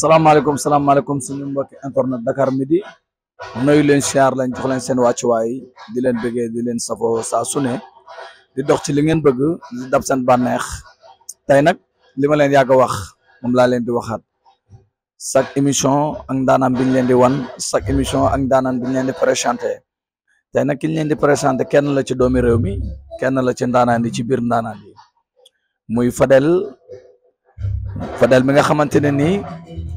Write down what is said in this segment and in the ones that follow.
salaamaaleykum salaamaaleykum suñu mbokki internet Dakar midi nuyu leen siyaar lañ jox leen seen wàccuwaay di leen bëggee di leen safo saa su ne di dox ci li ngeen bëgg di dab seen bànneex tey nag li ma leen yàgg a wax moom laa leen di waxaat chaque émission ak ndaanaan bi leen di wan chaque émission ak ndaanaan bi ñu leen di présenté tey nag ki ñu leen di présenté kenn la ci doomi réew mi kenn la ci ndaanaan yi ci biir ndaanaan yi muy Fadel Fadel mi nga xamante ne nii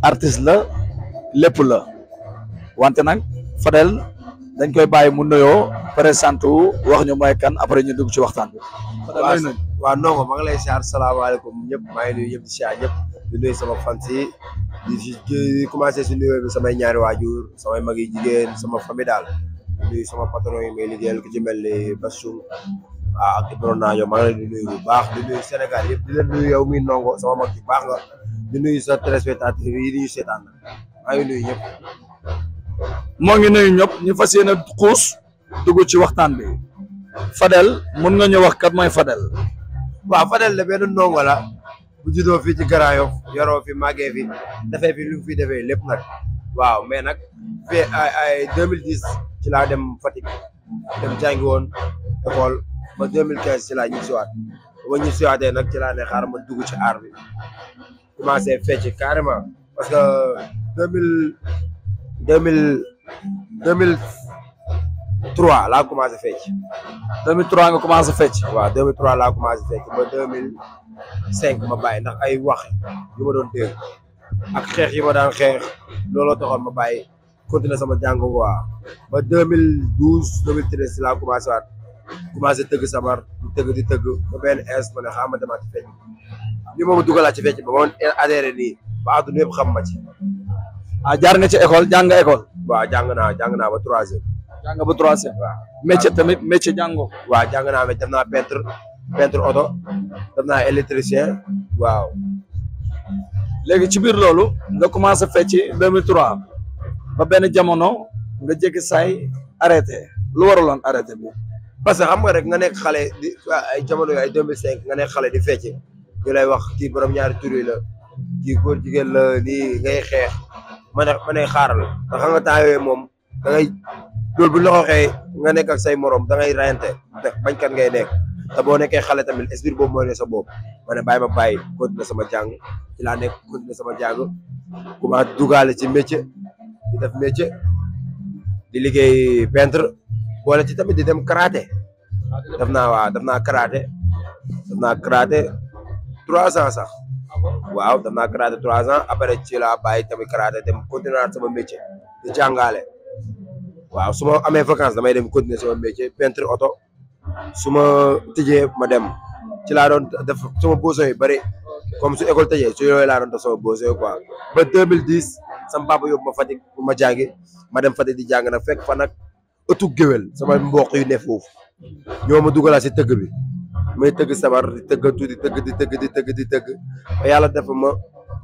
artiste la lépp la wante nag Fadel dañ koy bàyyi mu nuyoo présenté wu wax ñu mooy kan après ñu dugg ci waxtaan bi. Fadel waaw Ndongo maa ngi lay siyaar salaamaaleykum ñëpp maa ngi nuyu ñëpp di sama fans yi di si nuyoo sama samay ñaari waajur samay mag sama famille daal sama patron yi may liggéeyal ku ci mel ni waaw ah, ak Ibrahima Ndiaye maa bu baax di nuyu Sénégal yëpp di leen nuyu nongo sama mag bu baax nga di nuyu sa téléspectateur yi di ñu seetaan maa ngi nuyu ñëpp. moo ngi nuyu ñëpp ñu fas yéene xuus dugg ci waxtaan bi Fadel mun nga ñu wax kat mooy Fadel. waaw Fadel de benn ndongo la bu juddoo fii ci Grand Yoff yoroo fi màggee fi defee fi defee lépp nag waaw mais nag fii ay ay 2010 ci laa dem fatig dem jàngi woon ba 2015 ci laa ñu siwaat ba ñu siwaatee nag ci laa ne ma dugg ci aar bi commencé fecc carrément parce que 2000 2000 2003 laa commencé fecc. 2003 nga commencé fecc. waaw 2003 laa commencé fecc ba 2005 ma bàyyi ndax ay wax yu ma doon dégg ak xeex yi ma daan xeex looloo taxoon ma bàyyi continuer sama jàng waa ba 2012 2013 laa commencé waat. commencé tëgg sabar di tëgg di tëgg ba benn ins ma ne xaaral ma demaat ci fecc moom dugalaat ci fecc ba ma adhéré nii ba àdduna yëpp xam ma ci. ah jaar nga ci école jàng nga waa waaw jàng naa jàng naa ba trois heures. jàng ba trois heures. waaw métier tamit métier jàngoo. waaw jàng naa mais def naa peintre peintre oto def naa électricien waaw. léegi ci biir loolu nga commencé fecc 2003 ba benn jamono nga jékki saay arrêté lu waraloon arrêté bi. parce que xam nga rek nga nekk xale di ay jamono ay 2005 nga xale di fecce ñu lay wax kii borom ñaari tur yi la kii góor jigéen ngay xeex ma ne ma ne xaaral nga xam nga temps yooyu moom da ngay la ko waxee nga nekk ak say morom da ngay rayante ndax bañkat ngay nekk te boo nekkee xale tamit esprit boobu mooy ne sa boobu ma ne bàyyi ma sama jàng ci laa nekk sama jàng commencé dugaale ci métier di def peintre. wala ci tamit di dem karaté def naa waaw def naa karaté naa karaté trois ans sax waaw def naa trois ans après ci laa bàyyi tamit karaté dem continuer sama métier di jàngale waaw su ma amee vacances damay dem continuer sama métier peintre oto su ma tëjee ma dem ci laa doon def sama boson yu bëri comme su école tëjee su yooyu laa doon def sama boson yi quoi ba 2010 sama papa yóbbu ma Fatick ma jàngi ma dem Fatick di jàng na fekk fa nag. ëttu géwél sama mm. mbokk yu ne foofu ñoo ma dugalaa si tëgg bi may tëgg sabar di tëggatu di tëgg di tëgg di tëgg di tëgg ba yàlla dafa ma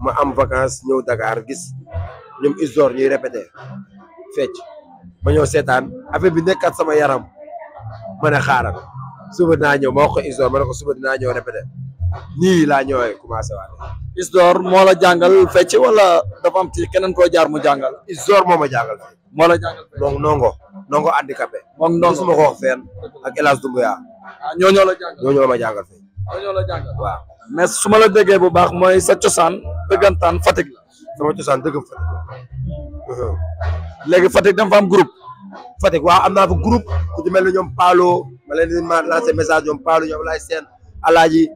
ma am vacance ñëw Dakar gis ñoom isor ñuy répété fecc ma ñëw seetaan affaire bi nekkat sama yaram ma ne xaaral suba ñëw ma wax ko ma ne ko suba dinaa ñëw répété nii laa ñëwee commencé waat moo la jàngal fecc wala dafa am ci jaar mu jàngal. Isdor moo ma jàngal. moo la jàngal nongo ndongo handicapé. moom noonu suma ko wax ak El Hadj Doumbouya. Ah, ñoo ñoo la jàngal ñoo ñoo ma jàngal fii. ñoo ah, ñoo la jàngal su ma la déggee bu baax mooy sa cosaan dëggantaan Fatick la. sama cosaan dëgg Fatick uh-huh. léegi Fatick dama fa am groupe. Fatick waaw am naa fa groupe ku mel ne ñoom Paalo ma leen di message ñoom Paalo ñoom laay seen alaaji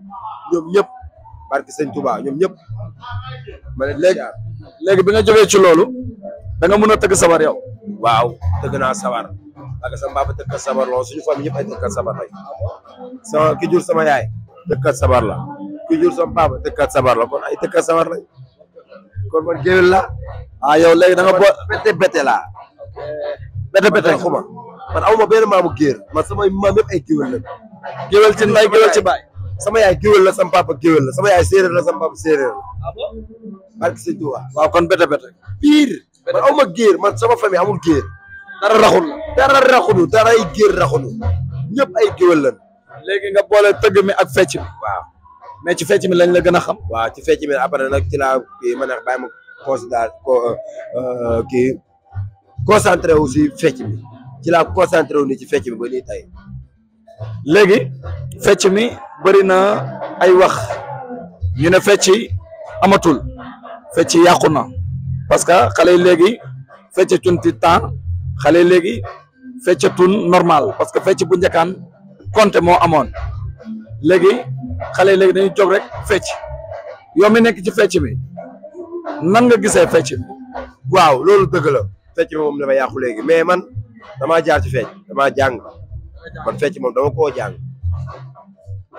ñoom ñëpp barke sëñ Touba ñoom ñëpp ma leen léegi léegi bi nga jógee ci loolu da nga mën a tëgg sabar yow. waaw tëgg naa sabar parce que sama papa tëggkat sabar lool suñu famille yëpp ay tëggkat sabar lañ ki jur sama yaay tëggkat sabar la ki jur sama papa tëggkat sabar la kon ay tëggkat sabar lañ kon man géwél la ah yow léegi da nga boo bette bette laa bette bette xuma man awma benn maamu géer man samay maam yëpp ay géwél la géwél ci nday géwél ci baay sama yaay géwél la sama papa géwél la sama yaay séeréer la sama papa séeréer la ah barke sëñ Tuubaa waaw kon bette bette pire man aw ma géer man sama famille amul géer dara raxul dara raxulu dara ay géer raxulu ñëpp ay géwél lan léegi nga boole tëgg mi ak fecc mi waaw mais ci fecc mi lañ la gën a xam waaw ci fecc mi après nag ci laa kii ma ne bàyyi ma considère euh, kii concentré wu si fecc mi ci laa concentré wu ni ci fecc mi ba nii tey léegi fecc mi bëri na ay wax ñu ne fecc amatul fecc yàqu na parce que xale yi léegi feccatun ci temps xale yi léegi feccatun normal parce que fecc bu njëkkaan compté moo amoon léegi xale yi léegi dañuy rek fecc yow mi nekk ci fecc bi nan nga gisee fecc bi waaw loolu dëgg la fecc bi moom dafa yàqu léegi mais man damaa jaar ci fecc damaa jàng man fecc moom dama koo jàng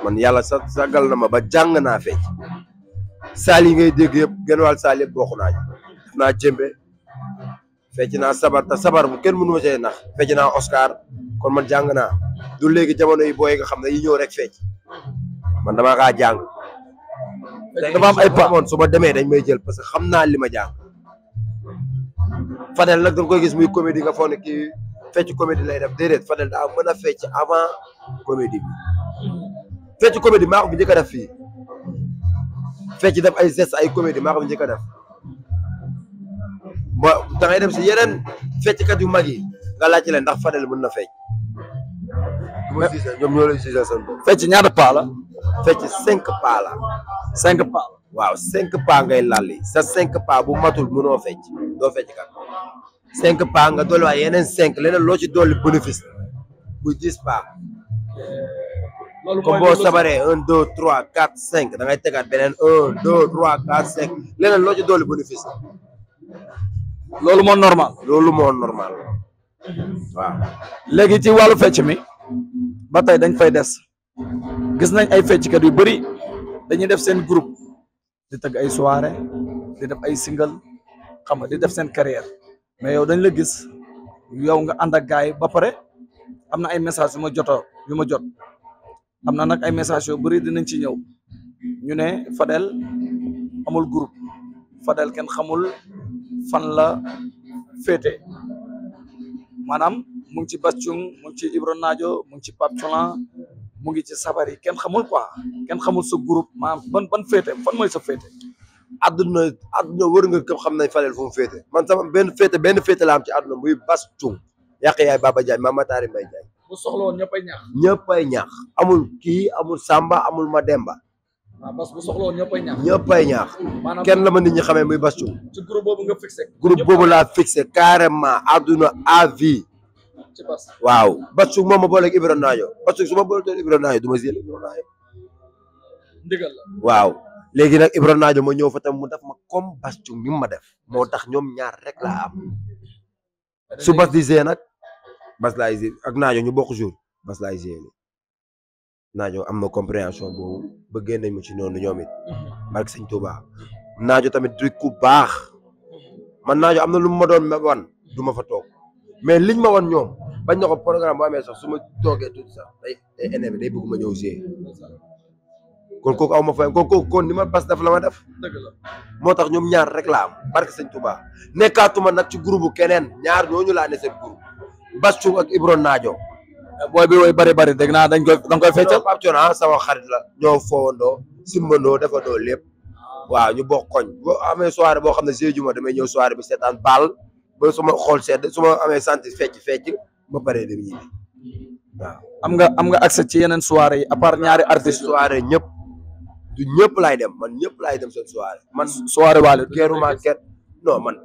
man yàlla sa sagal na ma ba jàng naa fecc saal yi ngay dégg yëpp genn wàll saal yëpp def naa fecc naa sabar te sabar bu kenn mënu ma see nax fecc naa Oscar kon man jàng naa du léegi jamono yi booy nga xam na yi ñëw rek fecc man damaa kaa jàng na am ay pamoon su ma demee dañ may jël parce que xam naa li ma jàng Fadel nag dañ koy gis muy comédie nga foog ne fecc comédie lay def déedéet Fadel daa mën a fecc avant comédie bi fecc comédie maa ko bu njëkk a def fii fecc def ay gestes ay comédie maa ko bu njëkk a def ba da ngay dem si yeneen fecckat yu mag yi nga laajte leen ndax Fadel mën na fecc. ñoom ñoo lay seen bopp. fecc ñaata paa la. fecc cinq paa la. cinq paa waaw cinq paa ngay lalli sa cinq paa bu matul mënoo fecc doo fecc kat cinq paa nga dolli waay yeneen cinq leneen loo ci dolli bénéfice bu dix paa. loolu comme boo sabaree un deux trois quatre cinq da ngay tegaat beneen un deux trois quatre cinq leneen loo ci dolli bénéfice loolu moon normal. loolu moo normal waaw. léegi ci wàllu fecc mi ba tey dañ fay des gis nañ ay fecckat yu bëri dañuy def seen groupe di tëgg ay soirée di def ay single xam nga di def seen carrière mais yow dañ la gis yow nga ànd ak gars yi ba pare am na ay message yu ma jotoo yu ma jot am na nag ay message yu bëri dinañ ci ñëw ñu ne Fadel amul groupe Fadel kenn xamul fan la féete maanaam mu ngi ci Bastion mu ngi ci Ibro Naajo mu ngi ci Pape Colan mu ngi ci Sabari kenn xamul quoi kenn xamul sa groupe man ban ban féete fan mooy sa féete. àdduna àdduna wër nga këpp xam nañ Fadel fu mu féete man sama benn féete benn féete la am ci àdduna muy Bastion yàq yaay Baba Diagne Mama Tari Mbaye Diagne. bu soxla woon ñëppay ñaax. amul kii amul Samba amul ma demba waaw ah, bas bu ñaax. kenn la ma nit ñi xamee muy Bass Thioung. ci groupe boobu nga fixé. groupe boobu laa fixé carrément àdduna à vie. ci moom ma booleeg Ibra Naajo Bass Thioung su ma boolee Naajo du ma jël Ibra Naajo. ndigal la léegi nag Ibra Naajo ma ñëw fa tam mu def ma comme Bass Thioung ma def moo tax ñoom ñaar rek laa am su Bass di see nag Bass laay ak Naajo ñu bokk jour Bass laay see. naajo am na compréhension boobu bëggee nañ mu ci noonu ñoom it. Mhm. barke sëñ naajo tamit du ku baax. man naajo am na lu ma doon ma wan du ma fa toog mais liñ ma wan ñoom bañ na ko programme bu amee sax su ma toogee tuuti sax day day énervé day bëgg ma ñëw see. kon kooku aw ma fay kon kooku kon ni ma bas def la ma def. moo tax ñoom ñaar rek laa am barke sëñ Touba nekkaatuma nag ci groupe keneen ñaar ñooñu laa ne seen groupe Bass Thioung ak Ibro Naajo. booy bi woy bari bari dégg naa dañ koy dañ koy feccal Pape Thione ah sama xarit la ñoo foowandoo simbandoo defandoo lépp waaw ñu bokk koñ boo amee soirée boo xam ne jeudi ma damay ñëw soirée bi seetaan baal ba su ma xool sedd su ma amee sant fecc fecc ba pare dem ñibbi waaw am nga am nga accès ci yeneen soirée yi à part ñaari artistes soirée ñëpp du ñëpp laay dem man ñëpp laay dem seen soirée man soirée waale geeruma ket non man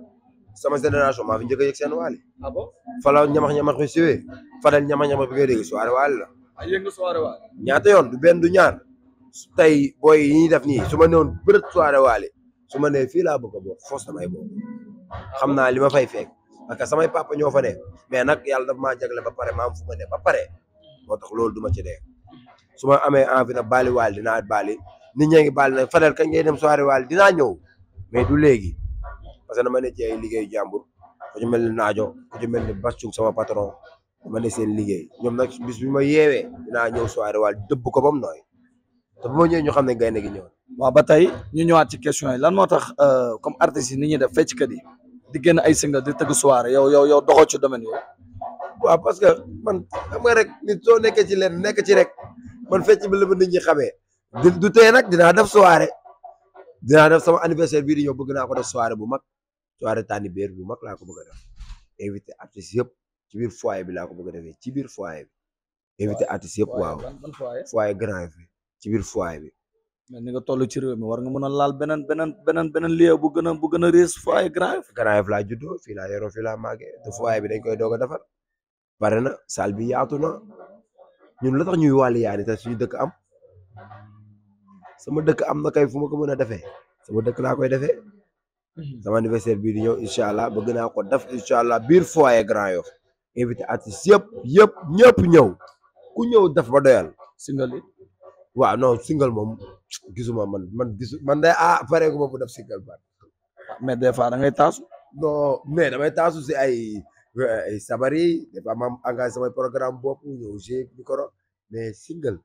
sama génération maa fi njëkk a yëg seen ñamax-ñamax ah bi siwee Fadel ñamax-ñamax bi ngay dégg soirée waale la. ah ñaata yoon du benn du ñaan tey booy yi def nii su ma newoon bërët soirée waale su ma nee fii laa bëgg a bokk foos damay bokk xam naa li ma fay fek parce que samay papa ñoo fa mais nag yàlla dafa maa jagle ba pare maam fu ma ne ba pare moo tax loolu du ci dee suma ma amee envie nag baali waale dinaa baali nit ñaa ngi baali nag Fadel kañ ngay dem soirée waale dinaa ñëw du léegi. parce que dama ne ci ay liggéeyu jàmbur ku mel ni naajo ku ci mel ni Bassou sama patron dama ne seen liggéey ñoom nag bis bi ma yeewee dinaa ñëw soirée wala dëbb ko ba mu nooy te bu ma ñëwee ñoo xam ne gaynde gi ñëw waaw ba tey ñu ñëwaat ci question yi lan moo tax euh, comme artistes yi ni ñuy def fecckat yi di génn ay single di tëgg soirée yow yow yow doxoo ci domaine yooyu parce que man xam nga rek nit soo nekkee ci leen nekk ci rek man fecc bi la ma nit ñi xamee du tey nag dinaa def soirée dinaa def sama anniversaire bii di ñëw bëgg naa ko def soirée bu mag soirée tànn biir bu mag laa ko bëgg a def invité artistes yëpp ci biir foyer bi laa ko bëgg a defee ci biir foyer bi invité artistes yëpp waaw foyer grand fi ci biir foyer bi mais ni nga toll ci réew mi war nga mën a laal beneen beneen beneen beneen lieu bu gën a bu gën a riis foyer grand grand laa juddoo fii laa yoroo fii laa bi dañ koy doog a na sal bi yaatu na ñun la tax ñuy wàlli yaani te suñu dëkk am sama dëkk am na kay fu ma ko mën a defee sama dëkk laa koy defee sama anniversaire bii di ñëw incha allah bëgg naa ko def incha allah biir foyer Grand Yoff invité artistes yëpp yëpp ñëpp ñëw ku ñëw def ba doyal single it waaw non single moom gisuma man man gisu man day ah pare gu ma ko def single baat mais des fois da ngay taasu non mais damay taasu si ay ay sabar yi des fois ma engagé samay programme bopp ñëw j micro mais single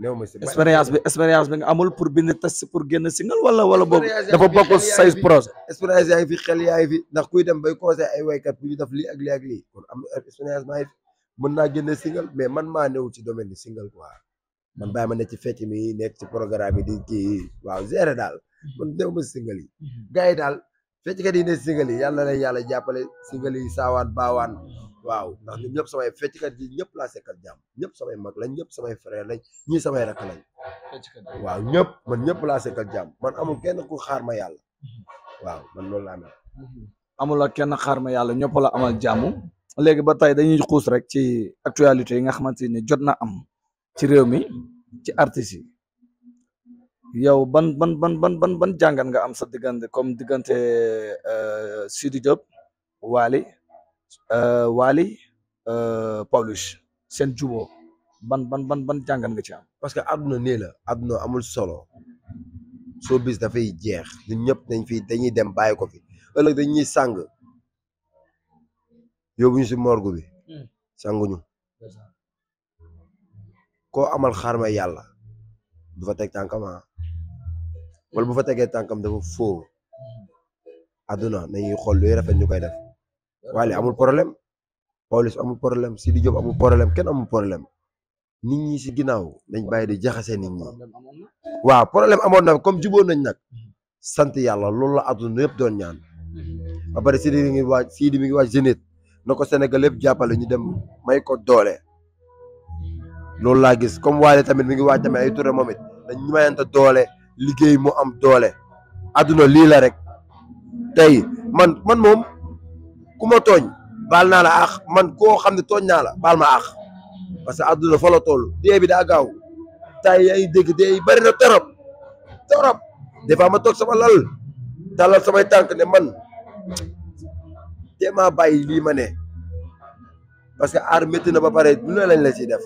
néew ma si expérience bi expérience bi amul pour bind test pour génn single wala wala boobu dafa bokk say projet fi xel yaa fi ndax kuy dem bay conseil ay waykat bu ñu def lii ak lii ak lii kon am naa génne single mais man maa newul ci domaine bi single quoi man bàyyi ma ne ci fecc mi nekk ci programme yi di kii waaw gérer daal man néew ma si single yi mhm. gars yi daal fecckat yi ne single yi yàlla na leen yàlla jàppale single waaw mm-hmm. ndax ñun ñëpp samay fecckat yi ñëpp laa sekkal jàmm ñëpp samay mag lañ ñëpp samay frère lañ ñii samay rakk lañ waaw ñëpp man ñëpp laa sekkal jàmm man amul kenn ku xaar ma yàlla mm-hmm. waaw man loolu laa mel mm-hmm. amul kenn xaar ma yàlla ñëpp la amal jàmm léegi ba tey dañuy xuus rek ci actualité yi nga xamante ne jot na am ci réew mi ci artistes yi yow ban ban ban ban ban ban jàngat nga am sa diggante comme diggante euh, Sidi Diop Wally Euh, Waly euh, Pawlish seen jubóo ban ban ban ban jàngat nga ci parce que àdduna nii la àdduna amul solo soo bis dafay jeex ñun ñëpp dañ fi dañuy dem bàyyi ko fi ëllëg dañuy sàng yóbbuñu si morgue bi. Hmm. sanguñu koo amal xarma yàlla du fa teg tànkam ah. wala bu fa tegee tànkam dafa foo hmm. àdduna nañuy xool luy rafet ñu koy def. Waly amul problème Pawlish amul problème Sidi Diop amul problème kenn amul problème nit ñi si ginnaaw dañ bàyyi di jaxase nit ñi waaw problème amoon na comme jubóon nañ nag mhm. sant yàlla loolu la àdduna yëpp doon ñaan mhm. ba pare Sidi mi mi ngi waaj Zénith na ko Sénégal yëpp jàppale ñu dem may doole loolu laa gis comme Waly tamit mi ngi waaj tamit ay touré moom it dañ doole liggéey mu am doole àdduna lii la rek tey man man moom. ku ma tooñ baal naa la ax man koo xam ne tooñ naa la baal ma ax parce que àdduna fa la bi daa gaaw tay ay dégg dee yi na torop torop des fois ma toog sama lal talal samay tànk ne man téemaa bàyyi lii ma ne parce que aar métti na ba pare lu lañ la si def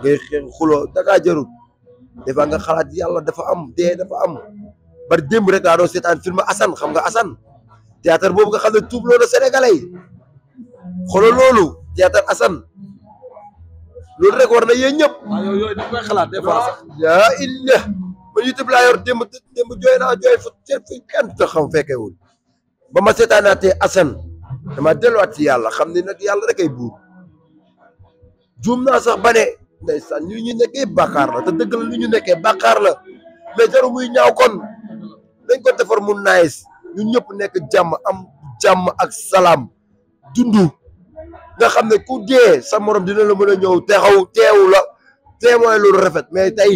ngay xeex xuloo dangaa jarul nga xalaat yàlla dafa am dee dafa am bari démb rek daa doon seetaan film xam nga Assane théâtre boobu nga xam ne tuubloo na sénégalais loolu théâtre Assane loolu rek war na yee ñëpp. xalaat des fois sax. yaa illa man YouTube laa yor démb démb jooy naa jooy fu fu kenn xam fekkeewul ba ma seetaanaatee Assane dama delluwaat ci yàlla xam ni nag yàlla rek ay buur juum naa sax ba ne ndeysaan ñu ñu nekkee bàkkaar la te dëgg la lu ñu nekkee bàkkaar la mais jaru muy ñaaw kon dañ ko defar mu nice ñun ñëpp nekk jàmm am jàmm ak salaam dundu nga xam ne ku dee sa morom dina la mën a ñëw texaw teewu la témoin loolu rafet mais tey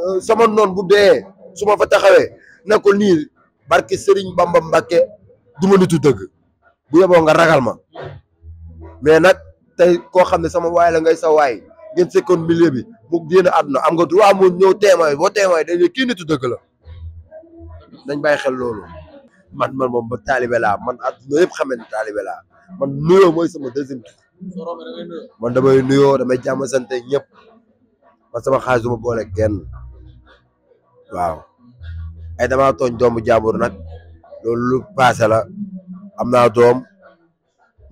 euh, sama noon bu dee su ma fa taxawee na ko nii barke Serigne Bamba Mbacke du ma nitu dëgg bu yeboo nga ragal ma mais nag tey koo xam ne sama waay la ngay sa waay ngeen sekkoon milieu bi mu génn àdduna am nga droit mu ñëw témoin boo témoin dañuy kii nitu dëgg la dañ bàyyi xel loolu man man moom ba taalibe laa man àdduna yëpp xamee ne taalibe laa man mooy sama deuxième tur man damay damay jàmm sante ñëpp man sama xaalis du ma boole kenn waaw ay damaa tooñ doomu jaambur nag loolu lu paase la am naa doom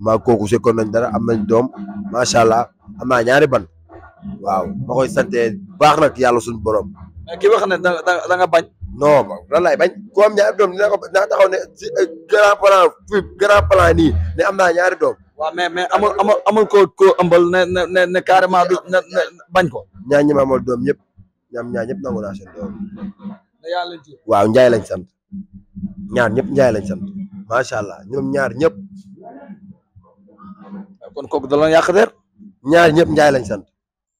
maa kooku sekkoon nañ dara am nañ doom macha allah am naa ñaari ban waaw ma koy sante baax nag yàlla suñu borom. ki wax ne da nga bañ. non man lan laay bañ koom am ñaari doom dina ko dina ne si eh, grand ne am naa ñaari doom. waaw mais mais amul amul amul koo koo ëmbal ne ne ne bañ ko. ñaar ñi ma doom ñëpp ñaam ñaar ñëpp nangu naa seen doom. waaw Ndiaye lañ sant ñaar ñëpp Ndiaye lañ sant macha allah ñoom ñaar ñëpp. kon kooku daloon yàq der. ñaar ñëpp Ndiaye lañ sant.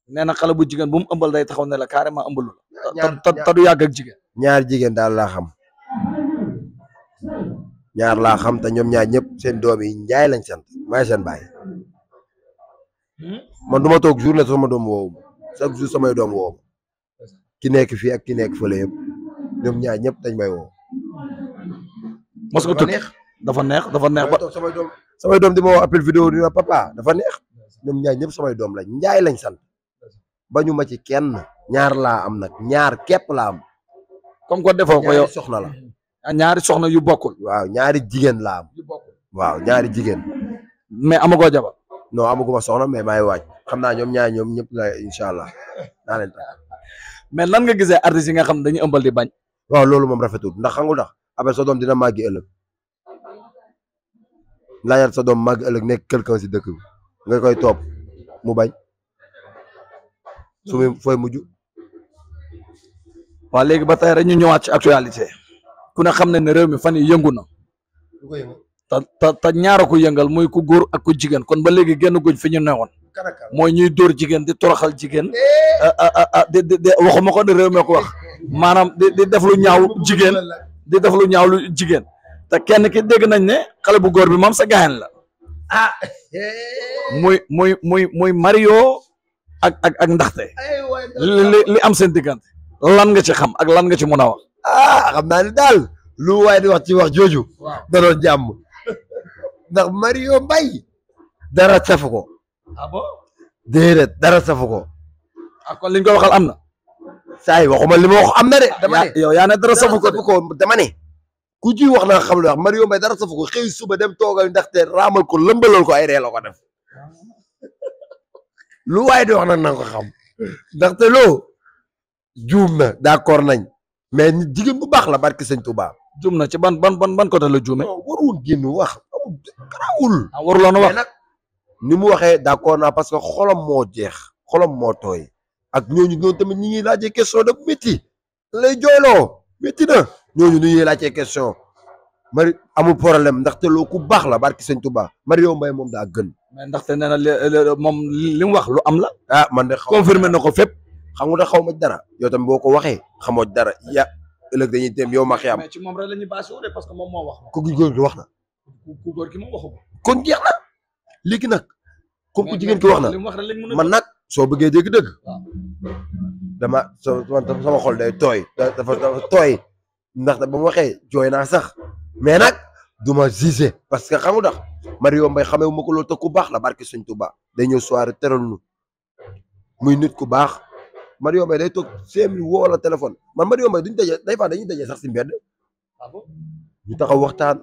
nee na xale bu jigéen bu mu ëmbal day taxaw ne la carrément ëmbalu. ñaar te yàgg ak jigéen. ñaar jigéen daal laa xam ñaar laa xam te ñoom ñaar ñëpp seen doom yi njaay lañ sant maay seen baay man du ma toog journée sama doom woowu chaque jour samay doom woowu ki nekk fii ak ki nekk fële ñoom ñaar ñëpp dañ may woowu. mos nga tukki dafa neex dafa neex ba samay doom samay doom di ma woo appel vidéo di ma papa dafa neex ñoom ñaar ñëpp samay doom lañ njaay lañ sant bañu ma ci kenn ñaar laa am nag ñaar képp laa am. comme ko defoo ko yow soxna la ah, ñaari soxna yu bokkul. waaw ñaari jigéen la am. waaw ñaari jigéen. mais amagoo jabar. non amaguma soxna mais maay waaj xam naa ñoom ñaar ñoom ñëpp la incha allah naa leen mais nan nga gisee artistes yi nga xam ne dañuy ëmbal di bañ. waaw loolu moom rafetul ndax xangul ndax après sa doom dina màggi ëllëg laajal sa doom màggi ëllëg nekk quelqu'un si dëkk bi nga koy topp mu bañ su muy fooy mujj. waaw léegi ba tey rek ñu ñëwaat ci actualité ku ne xam ne ne réew mi fan yi yëngu na ta ta te ñaara ko yëngal muy ku góor ak ku jigéen kon ba léegi génn guñ fi ñu newoon mooy ñuy dóor jigéen di toroxal jigéen eh. ah, ah, ah, di di waxuma ko di réew mi ko wax maanaam di di def lu ñaaw jigéen di def lu ñaaw lu jigéen te kenn ki dégg nañ ne xale bu góor bi moom sa gaayen la ah muy muy muy muy Mario ak ak ak li li am seen diggante lan nga ci xam ak lan nga ci mën a wax. ah xam naa ne daal lu waaye di wax ci wax jooju. waaw da doon jàmm ndax Mario Mbaye dara safu ko. ah bon ah, kon liñ ko waxal am na. saa yi waxuma li ma wax am na de. dama ne yow yaa ne dara safu ko dama ne. ku ji wax na xam lu wax Mario Mbaye dara safu ko xëy suba dem toogal ndaxte raamal ko lëmbalal ko ay ree la ko ah. lu wax na nga ko xam ndaxte loo. juum na d'accord nañ mais nit bu baax la barki sëñ Touba. juum na ci ban ban ban ban côté la juume. non warul génn wax garaawul. ah waruloon a wax nag ni mu waxee d'accord na parce que xolam moo jeex xolam moo tooy ak ñooñu ñoom tamit ñi ngi laajee question de métti lay jooyloo métti na ñooñu ñu ngi laajee question mari amul problème ndaxte loo ku baax la barki sëñ Touba Mario Mbaye moom daa gën. mais ndaxte nee na moom li mu wax lu am la. ah man de confirmer na ko fépp. xam nga xaw ma ci dara yow tam boo ko waxee xamoo dara ya ëllëg dañuy dem yow ma xiyaam. mais ci moom rek la ñuy basé parce que moom moo wax. ku góor gi wax na. ku góor gi moom waxu kon jeex na nag. comme ku jigéen ki wax na man nag soo bëggee dégg-dëgg. dama sama xol day tooy dafa dafa tooy ndax ba mu waxee jooy naa sax mais nag duma ma gisé parce que xam nga ndax Mario Mbaye xamee wu ma ko loolu te ku baax la barke Sëñ Tuubaa day ñëw soirée teral nu muy nit ku baax. Mario Mbaye day toog cinq minutes woo la téléphone man Mario Mbaye duñ daje day faa dañuy daje sax si mbedd ah ñu taxaw waxtaan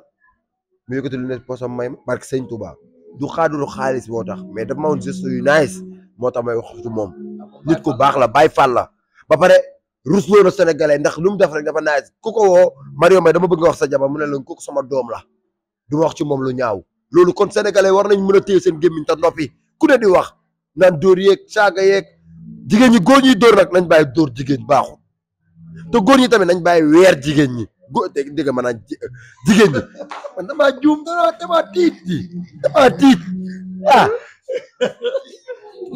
mu yëkkati lu ne posam may ma barke sëñ Touba du xaadulu xaalis moo tax mais dafa ma woon geste moo tax may wax moom ah nit ku baax la Baye Fall ba pare rusloo na ndax lu mu def rek dafa nice ku ko woo Mario Mbaye dama bëgg nga wax sa jabar mu ne la kooku sama doom la du ma wax ci moom lu ñaaw loolu kon sénégalais war nañ mën a téye seen gémmiñ te noppi ku ne di wax naan dóor yeeg saaga yeeg jigéen ñi góor ñuy dóor nag nañ bàyyi dóor jigéen baaxul te góor ñi tamit nañ bàyyi weer jigéen ñi góor dégg nga maanaam jigéen ñi man damaa juum damaa tiit ji damaa tiit ah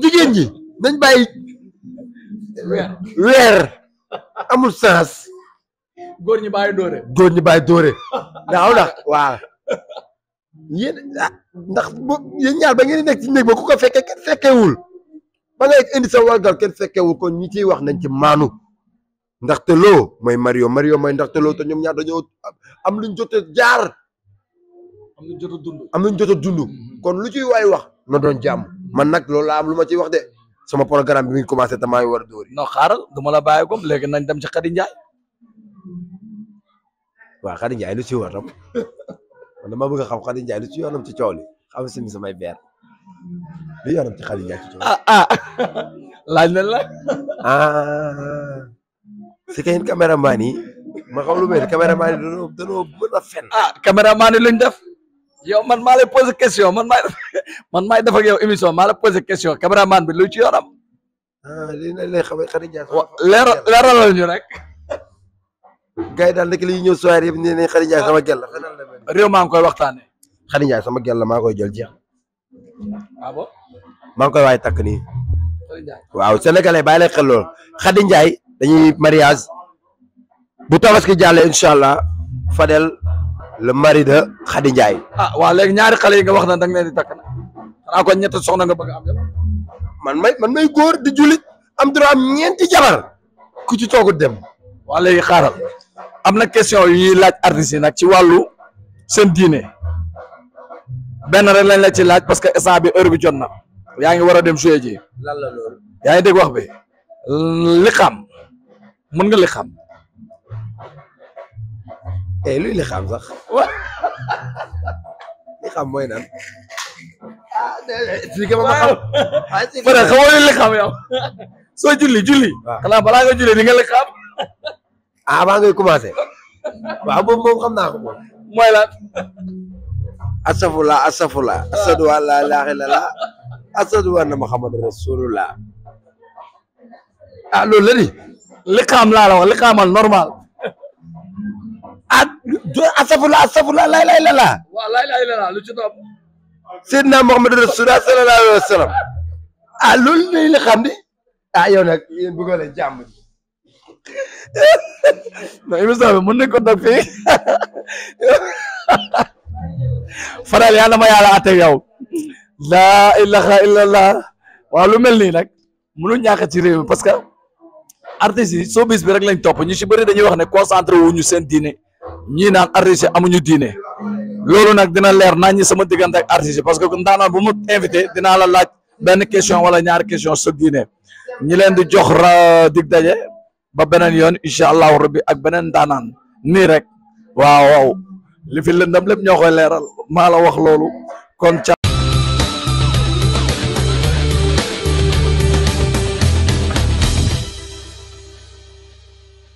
jigéen ñi nañ bàyyi weer amul sens góor ñi bàyyi dóore góor ñi bàyyi dóore ndax ndax waaw yéen ah, ndax yéen ñaar ba ngeen nekk ci néeg ba ku ko fekke fekkewul ba ngay indi sa wargal kenn fekkewu ko ñi ciy wax nañ ci maanu ndaxte loo mooy Mario Mario moy ndaxte loo te ñoom ñaar dañoo am luñ jot a jaar. am luñ jot a dund am luñ jot a dund mm-hmm. kon lu ciy waay wax na doon jàmm man nag loolu laa am lu ma ciy wax de sama programme bi mi ngi commencé te war a dóori. non xaaral du ma la bàyyi ko léegi nañ dem ci Khady Ndiaye. waa Khady Ndiaye lu ci waram man dama bëgg a xam Khady Ndiaye lu ci yoonam ci coow li xam si samay beer. Ah, ah. laaj na la ah si kayit caméraman yi ma xam lu mel caméraman yi dañoo dañoo mën a fen ah caméraman yi luñ def yow man maa lay posé question man maay man question caméraman bi lu ci yoram ah lii nag lay xam xarit jaay waaw leeral leeralal ñu rek gars yi daal nag li ñuy ñëw soirée yëpp ne ne xarit jaay sama gel la réew koy waxtaane xarit jaay sama gel maa koy jël jeex ah bon maa ngi koy waay takk nii. waaw sénégalais bàyyi lay xel lool Khady Ndiaye dañuy mariage bu ki jàllee incha allah Fadel le mari de Khady Ndiaye. ah waaw léegi ñaari xale yi nga wax na da nga leen di takk na xanaa soxna nga bëgg man may man may góor di jullit am droit am ñeenti jabar ku ci toogut dem. waa léegi xaaral am na question yu laaj artistes yi nag ci wàllu seen diine. benn rek lañ la ci laaj parce que instant bi heure bi jot na yaa ngi war a dem jouer la yaa ngi dégg wax bi li eh, xam nga li xam. luy li sax li xam mooy nan. ah expliqué ma soo julli julli. waaw balaa nga julli ni nga li xam. ah maa ngay commencé. waaw boobu moom xam naa ko moom. asafula asafula asadu an laa ilaaha ah, di liqaam laa la wax liqaamal normal ah asafula asafula laa ilaaha lu ci topp seydina muhammadu rasulullah sallallahu alayhi wa sallam ah loolu lay liqaam ah, ko dog Fadel yaa na ma yàlla àtte yow laa ilaha illallah lu mel nii nag mënul ñàkk ci réew mi parce que artistes yi soo bi rek lañ topp ñu si bëri dañuy wax ne concentré wuñu seen diine ñii naan artistes yi amuñu diine loolu nag dina leer naa ñi sama diggante ak parce que daanaka bu mu invité dinaa la laaj benn question wala ñaari question sa diine ñi leen di jox dig daje ba beneen yoon incha allahu rabbi ak beneen daanaan nii rek waaw li fi lëndam lépp ñoo koy leeral maa la wax loolu kon